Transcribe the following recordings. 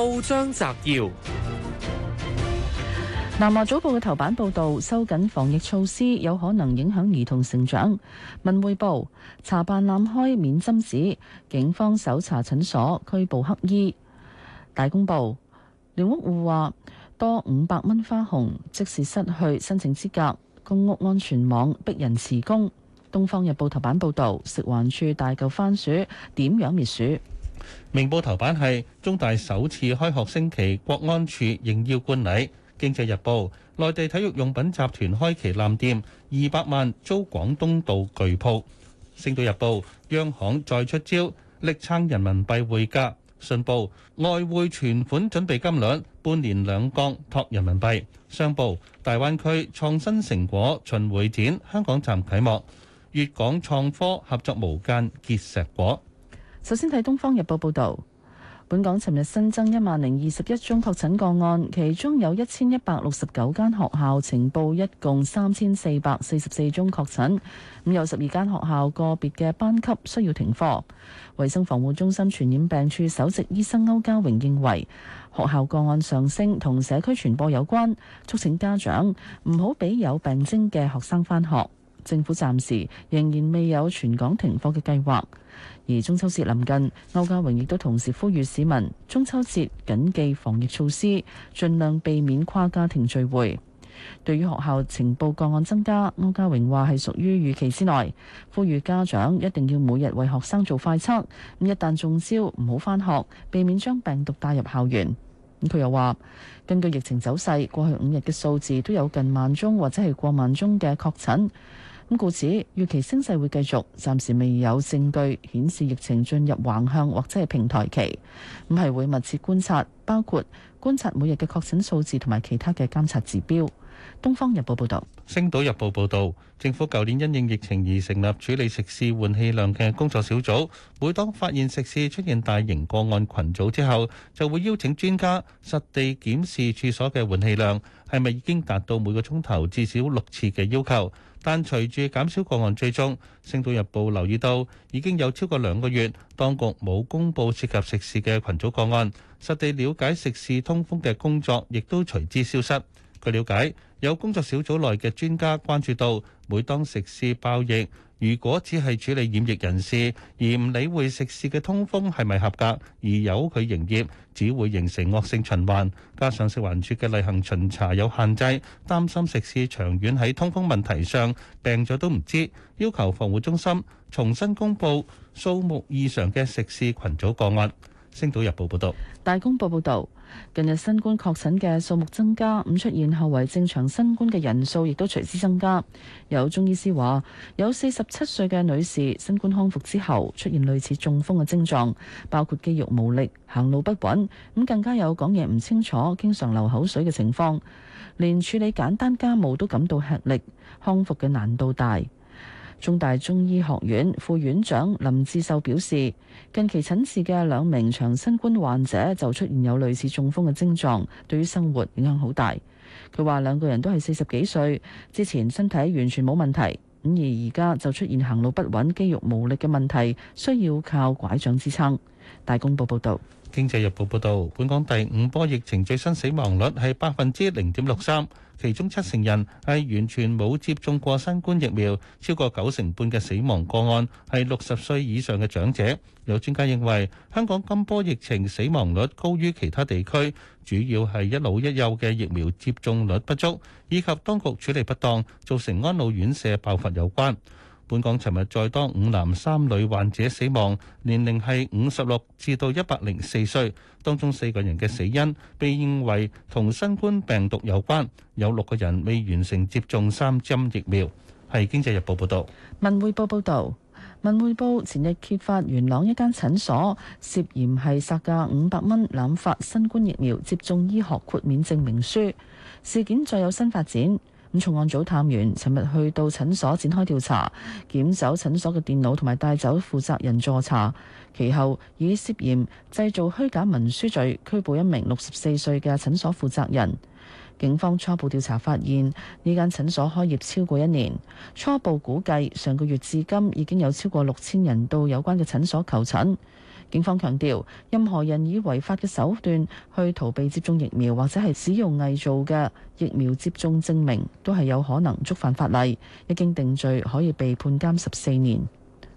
報章摘要：南華早報嘅頭版報道，收緊防疫措施有可能影響兒童成長。文匯報查辦濫開免針紙，警方搜查診所拘捕黑醫。大公報廉屋戶話多五百蚊花紅，即使失去申請資格，公屋安全網逼人辭工。東方日報頭版報道，食環署大舊番薯，點樣滅鼠？明報頭版係中大首次開學升旗，國安處應邀觀禮。經濟日報，內地體育用品集團開旗艦店，二百萬租廣東道巨鋪。星島日報，央行再出招，力撐人民幣匯價。信報，外匯存款準備金率半年兩降，托人民幣。商報，大灣區創新成果巡迴展香港站啟幕，粵港創科合作無間結碩果。首先睇《東方日報》報道，本港尋日新增一萬零二十一宗確診個案，其中有一千一百六十九間學校呈報，一共三千四百四十四宗確診。咁有十二間學校個別嘅班級需要停課。衛生防護中心傳染病處首席醫生歐家榮認為，學校個案上升同社區傳播有關，促請家長唔好俾有病徵嘅學生翻學。政府暫時仍然未有全港停課嘅計劃。而中秋節臨近，歐家榮亦都同時呼籲市民中秋節謹記防疫措施，盡量避免跨家庭聚會。對於學校呈報個案增加，歐家榮話，係屬於預期之內，呼籲家長一定要每日為學生做快測，咁一旦中招唔好返學，避免將病毒帶入校園，佢又話，根據疫情走勢，過去五日嘅數字都有近萬宗或者係過萬宗嘅確診。故此，預期升勢會繼續，暫時未有證據顯示疫情進入橫向或者係平台期。咁係會密切觀察，包括觀察每日嘅確診數字同埋其他嘅監察指標。東方日報報道，星島日報報道，政府舊年因應疫情而成立處理食肆換氣量嘅工作小組。每當發現食肆出現大型個案群組之後，就會邀請專家實地檢視處所嘅換氣量係咪已經達到每個鐘頭至少六次嘅要求。但隨住減少個案追蹤，星島日報留意到已經有超過兩個月當局冇公佈涉及食肆嘅群組個案，實地了解食肆通風嘅工作亦都隨之消失。據瞭解，有工作小組內嘅專家關注到，每當食肆爆疫，如果只係處理染疫人士，而唔理會食肆嘅通風係咪合格，而由佢營業，只會形成惡性循環。加上食環署嘅例行巡查有限制，擔心食肆長遠喺通風問題上病咗都唔知，要求防護中心重新公佈數目異常嘅食肆羣組個案。星島日報報導，大公報報導。近日新冠確診嘅數目增加，咁出現後遺症長新冠嘅人數亦都隨之增加。有中醫師話，有四十七歲嘅女士新冠康復之後，出現類似中風嘅症狀，包括肌肉無力、行路不穩，咁更加有講嘢唔清楚、經常流口水嘅情況，連處理簡單家務都感到吃力，康復嘅難度大。中大中醫學院副院長林志秀表示，近期診治嘅兩名長新冠患者就出現有類似中風嘅症狀，對於生活影響好大。佢話兩個人都係四十幾歲，之前身體完全冇問題，咁而而家就出現行路不穩、肌肉無力嘅問題，需要靠拐杖支撐。大公報報道。經濟日報報導，本港第五波疫情最新死亡率係百分之零點六三，其中七成人係完全冇接種過新冠疫苗，超過九成半嘅死亡個案係六十歲以上嘅長者。有專家認為，香港今波疫情死亡率高於其他地區，主要係一老一幼嘅疫苗接種率不足，以及當局處理不當，造成安老院舍爆發有關。本港尋日再多五男三女患者死亡，年齡係五十六至到一百零四歲，當中四個人嘅死因被認為同新冠病毒有關，有六個人未完成接種三針疫苗。係經濟日報報導。文匯報報導，文匯報前日揭發元朗一間診所涉嫌係殺價五百蚊濫發新冠疫苗接種醫學豁免證明書，事件再有新發展。重案組探員尋日去到診所展開調查，檢走診所嘅電腦同埋帶走負責人助查，其後以涉嫌製造虛假文書罪拘捕一名六十四歲嘅診所負責人。警方初步調查發現，呢間診所開業超過一年，初步估計上個月至今已經有超過六千人到有關嘅診所求診。警方強調，任何人以違法嘅手段去逃避接種疫苗，或者係使用偽造嘅疫苗接種證明，都係有可能觸犯法例，一經定罪可以被判監十四年。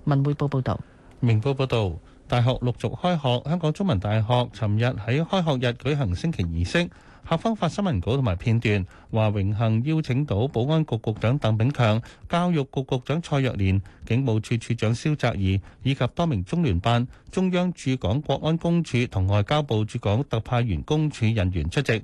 文匯報報道。明報報道，大學陸續開學，香港中文大學尋日喺開學日舉行升旗儀式。校方發新聞稿同埋片段，話榮幸邀請到保安局局長鄧炳強、教育局局長蔡若蓮、警務處處長蕭澤頤以及多名中聯辦、中央駐港國安公署同外交部駐港特派員公署人員出席。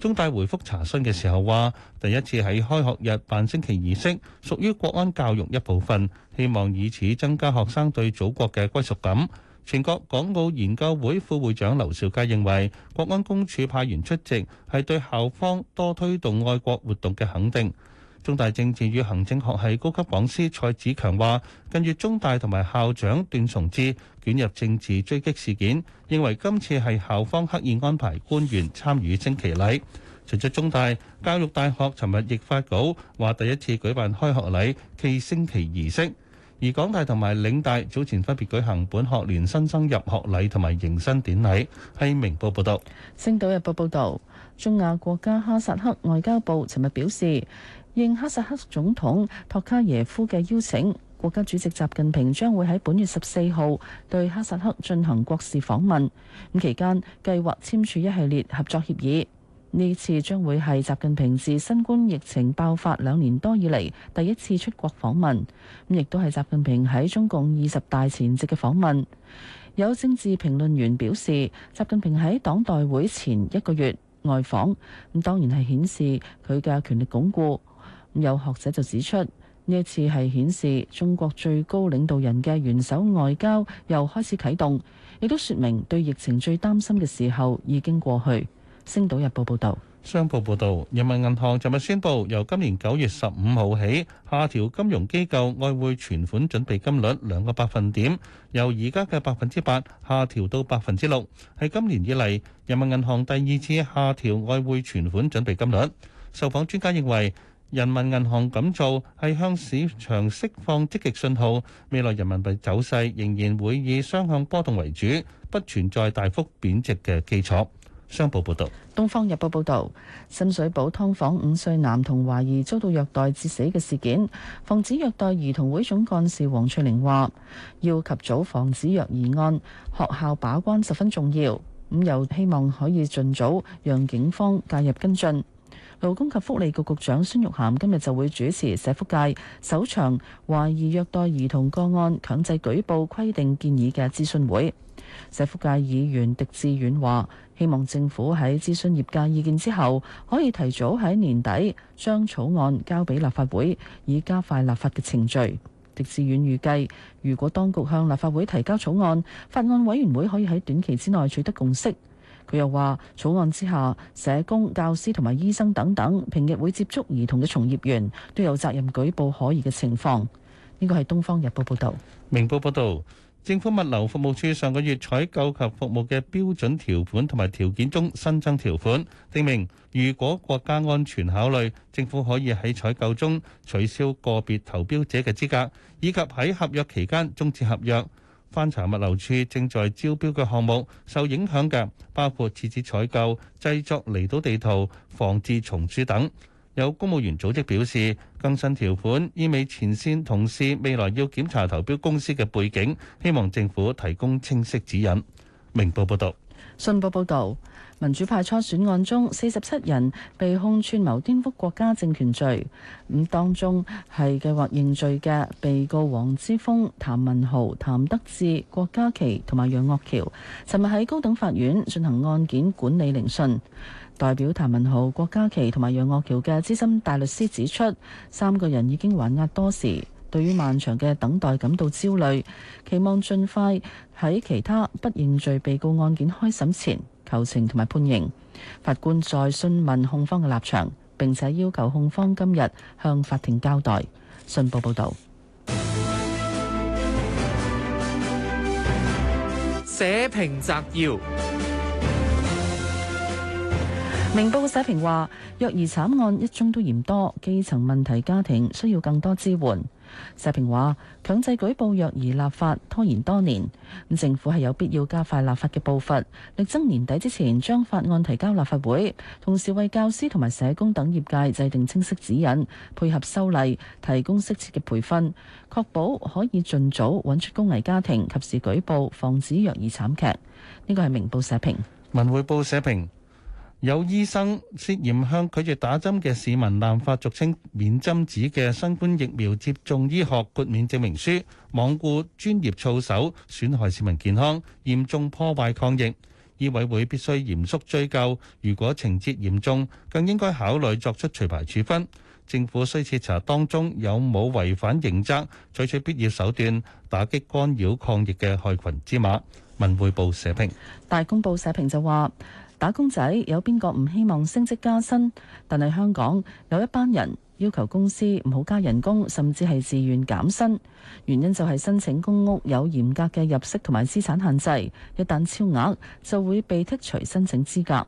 中大回覆查詢嘅時候話，第一次喺開學日辦升旗儀式，屬於國安教育一部分，希望以此增加學生對祖國嘅歸屬感。全國港澳研究會副會長劉兆佳認為，國安公署派員出席係對校方多推動愛國活動嘅肯定。中大政治與行政學系高級講師蔡子強話，近月中大同埋校長段崇智捲入政治追擊事件，認為今次係校方刻意安排官員參與升旗禮。除咗中大，教育大學尋日亦發稿話，第一次舉辦開學禮暨升旗儀式。而港大同埋嶺大早前分別舉行本學年新生入學禮同埋迎新典禮，係明報報道，星島日報報道，中亞國家哈薩克外交部尋日表示，應哈薩克總統托卡耶夫嘅邀請，國家主席習近平將會喺本月十四號對哈薩克進行國事訪問，咁期間計劃簽署一系列合作協議。呢次將會係習近平自新冠疫情爆發兩年多以嚟第一次出國訪問，亦都係習近平喺中共二十大前夕嘅訪問。有政治評論員表示，習近平喺黨代會前一個月外訪，咁當然係顯示佢嘅權力鞏固。有學者就指出，呢一次係顯示中國最高領導人嘅元首外交又開始啟動，亦都說明對疫情最擔心嘅時候已經過去。星島日報報道，商報報道，人民銀行尋日宣布，由今年九月十五號起下調金融機構外匯存款準備金率兩個百分點，由而家嘅百分之八下調到百分之六，係今年以嚟人民銀行第二次下調外匯存款準備金率。受訪專家認為，人民銀行咁做係向市場釋放積極信號，未來人民幣走勢仍然會以雙向波動為主，不存在大幅貶值嘅基礎。商報報導，《東方日報》報導，深水埗湯房五歲男童懷疑遭到虐待致死嘅事件，防止虐待兒童會總幹事黃翠玲話，要及早防止虐兒案，學校把關十分重要。咁又希望可以盡早讓警方介入跟進。勞工及福利局局，局長孫玉菡今日就會主持社福界首場懷疑虐待兒童個案強制舉報規定建議嘅諮詢會。社福界議員狄志遠話，希望政府喺諮詢業界意見之後，可以提早喺年底將草案交俾立法會，以加快立法嘅程序。狄志遠預計，如果當局向立法會提交草案，法案委員會可以喺短期之內取得共識。佢又話，草案之下，社工、教師同埋醫生等等平日會接觸兒童嘅從業員，都有責任舉報可疑嘅情況。呢個係東方日報報道，明報報道。政府物流服務署上個月採購及服務嘅標準條款同埋條件中新增條款，訂明如果國家安全考慮，政府可以喺採購中取消個別投標者嘅資格，以及喺合約期間終止合約。翻查物流署正在招標嘅項目，受影響嘅包括設置採購、製作離島地圖、防治松鼠等。有公務員組織表示，更新條款意味前線同事未來要檢查投標公司嘅背景，希望政府提供清晰指引。明報報道：「信報報道，民主派初選案中，四十七人被控串謀顛覆國家政權罪，咁、嗯、當中係計劃認罪嘅被告黃之鋒、譚文豪、譚德志、郭家麒同埋楊岳橋，尋日喺高等法院進行案件管理聆訊。代表譚文豪、郭家麒同埋楊岳橋嘅資深大律師指出，三個人已經還押多時，對於漫長嘅等待感到焦慮，期望盡快喺其他不認罪被告案件開審前求情同埋判刑。法官再訊問控方嘅立場，並且要求控方今日向法庭交代。信報報道，社評摘要。明報社評話，虐兒慘案一宗都嫌多，基層問題家庭需要更多支援。社評話，強制舉報虐兒立法拖延多年，政府係有必要加快立法嘅步伐，力爭年底之前將法案提交立法會，同時為教師同埋社工等業界制定清晰指引，配合修例，提供適切嘅培訓，確保可以盡早揾出高危家庭，及時舉報，防止虐兒慘劇。呢個係明報社評，文匯報社評。有醫生涉嫌向拒絕打針嘅市民濫發俗稱免針紙嘅新冠疫苗接種醫學豁免證明書，罔顧專業操守，損害市民健康，嚴重破壞抗疫。醫委會必須嚴肅追究，如果情節嚴重，更應該考慮作出除牌處分。政府需徹查當中有冇違反刑責，採取，取必要手段打擊干擾抗疫嘅害群之馬。文匯報社評。大公報社評就話。打工仔有邊個唔希望升職加薪？但係香港有一班人要求公司唔好加人工，甚至係自願減薪。原因就係申請公屋有嚴格嘅入息同埋資產限制，一旦超額就會被剔除申請資格。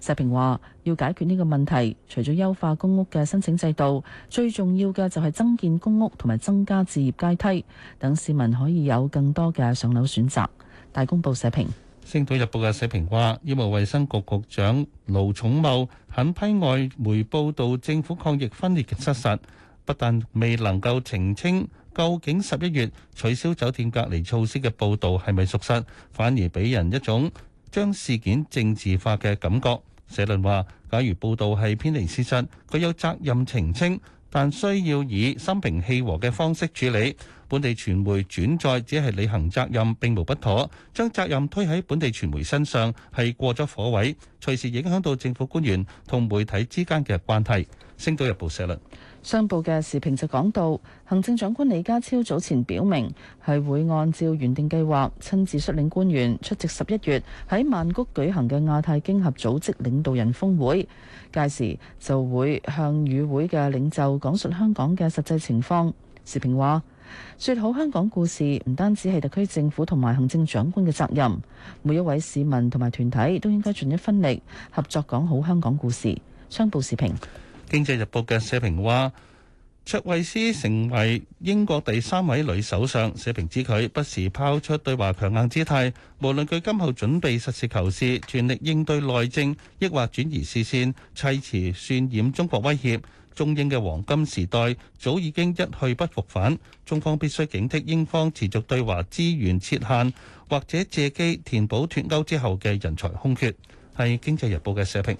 社評話要解決呢個問題，除咗優化公屋嘅申請制度，最重要嘅就係增建公屋同埋增加置業階梯，等市民可以有更多嘅上樓選擇。大公報社評。星島日報嘅社評話，醫務衛生局局長盧寵茂肯批外媒報道政府抗疫分裂嘅失實，不但未能夠澄清，究竟十一月取消酒店隔離措施嘅報道係咪屬實，反而俾人一種將事件政治化嘅感覺。社論話，假如報道係偏離事實，佢有責任澄清。但需要以心平氣和嘅方式處理，本地傳媒轉載只係履行責任，並無不妥。將責任推喺本地傳媒身上係過咗火位，隨時影響到政府官員同媒體之間嘅關係。《星島日報》社論，商報嘅時評就講到，行政長官李家超早前表明係會按照原定計劃親自率領官員出席十一月喺曼谷舉行嘅亞太經合組織領導人峰會，屆時就會向與會嘅領袖講述香港嘅實際情況。時評話，說好香港故事唔單止係特區政府同埋行政長官嘅責任，每一位市民同埋團體都應該盡一分力，合作講好香港故事。商報時評。《經濟日報》嘅社評話：卓慧思成為英國第三位女首相，社評指佢不時拋出對華強硬姿態，無論佢今後準備實事求是全力應對內政，抑或轉移視線砌詞渲染中國威脅，中英嘅黃金時代早已經一去不復返。中方必須警惕英方持續對華資源設限，或者借機填補脱歐之後嘅人才空缺。係《經濟日報》嘅社評。